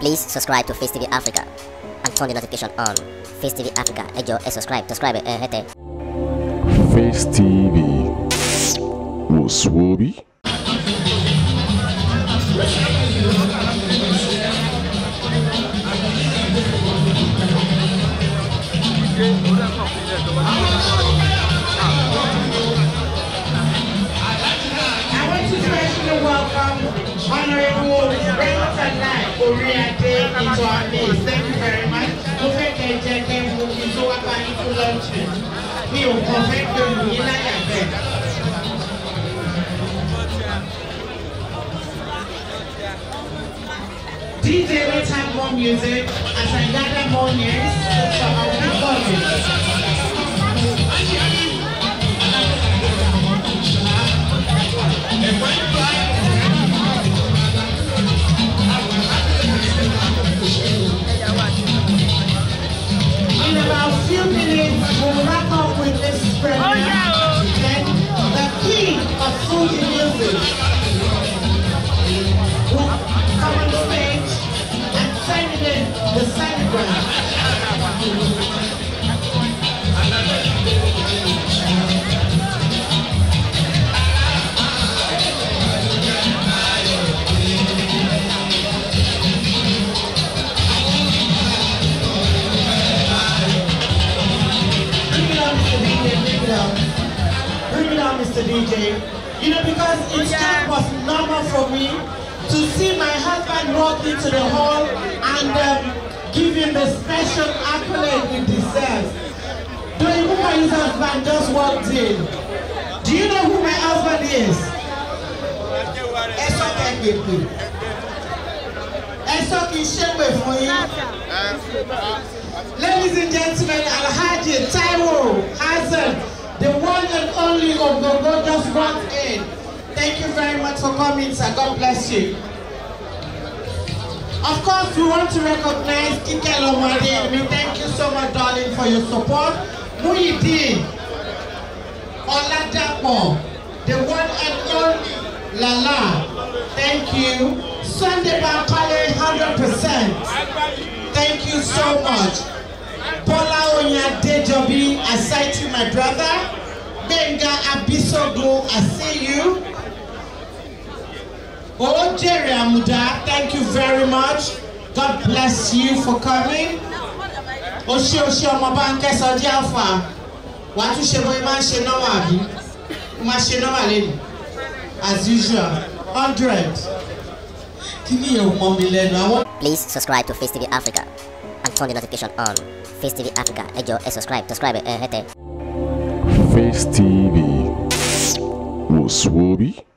Please subscribe to Face TV Africa and turn the notification on. Face TV Africa, ejo, e subscribe, subscribe, eh, hete. Face TV, Muswobi. Thank you. orí adé ètò àmì thank you very much mo fẹ́ kẹ́ jẹ kẹ́ mo fi tó wá bá yín fún lọ́ọ̀tì mi ò kàn fẹ́ pé mo yín láyà bẹ́ẹ̀. DJ, let's have more music as I gather more news. down. Bring it down, Mr. DJ. You know, because it yeah. was normal for me to see my husband walk into the hall and um, give him the special accolade he deserves. Do you know who my husband just walked in? Do you know who my husband is? Eso Kengepe. Eso Kishewe for you. Ladies and gentlemen, Alhaji Taiwo Hazard one and only Ogogo just walked in. Thank you very much for coming, sir. God bless you. Of course, we want to recognize Kike Lomade. We thank you so much, darling, for your support. Muhyiddin, Oladapo, the one and only Lala. Thank you. Sunday Bank 100%. Thank you so much. Paula Onya Dejobi, I cite you, my brother. Gbenga Abisogun, I see you. Oh, Jerry Amuda, thank you very much. God bless you for coming. Oṣé Oṣé Ọmọbánkẹ́ Sọjí Alfa, wà á tún ṣe bóyá máa ń ṣe nọ́mà àbí? Máa ṣe as usual, hundred. Kí ni ìyẹ̀wò mọ́ mi Please subscribe to Face TV Africa and turn the notification on. Face TV Africa, ẹ jọ̀ọ́ subscribe, subscribe ẹ hẹ́tẹ̀. Space TV was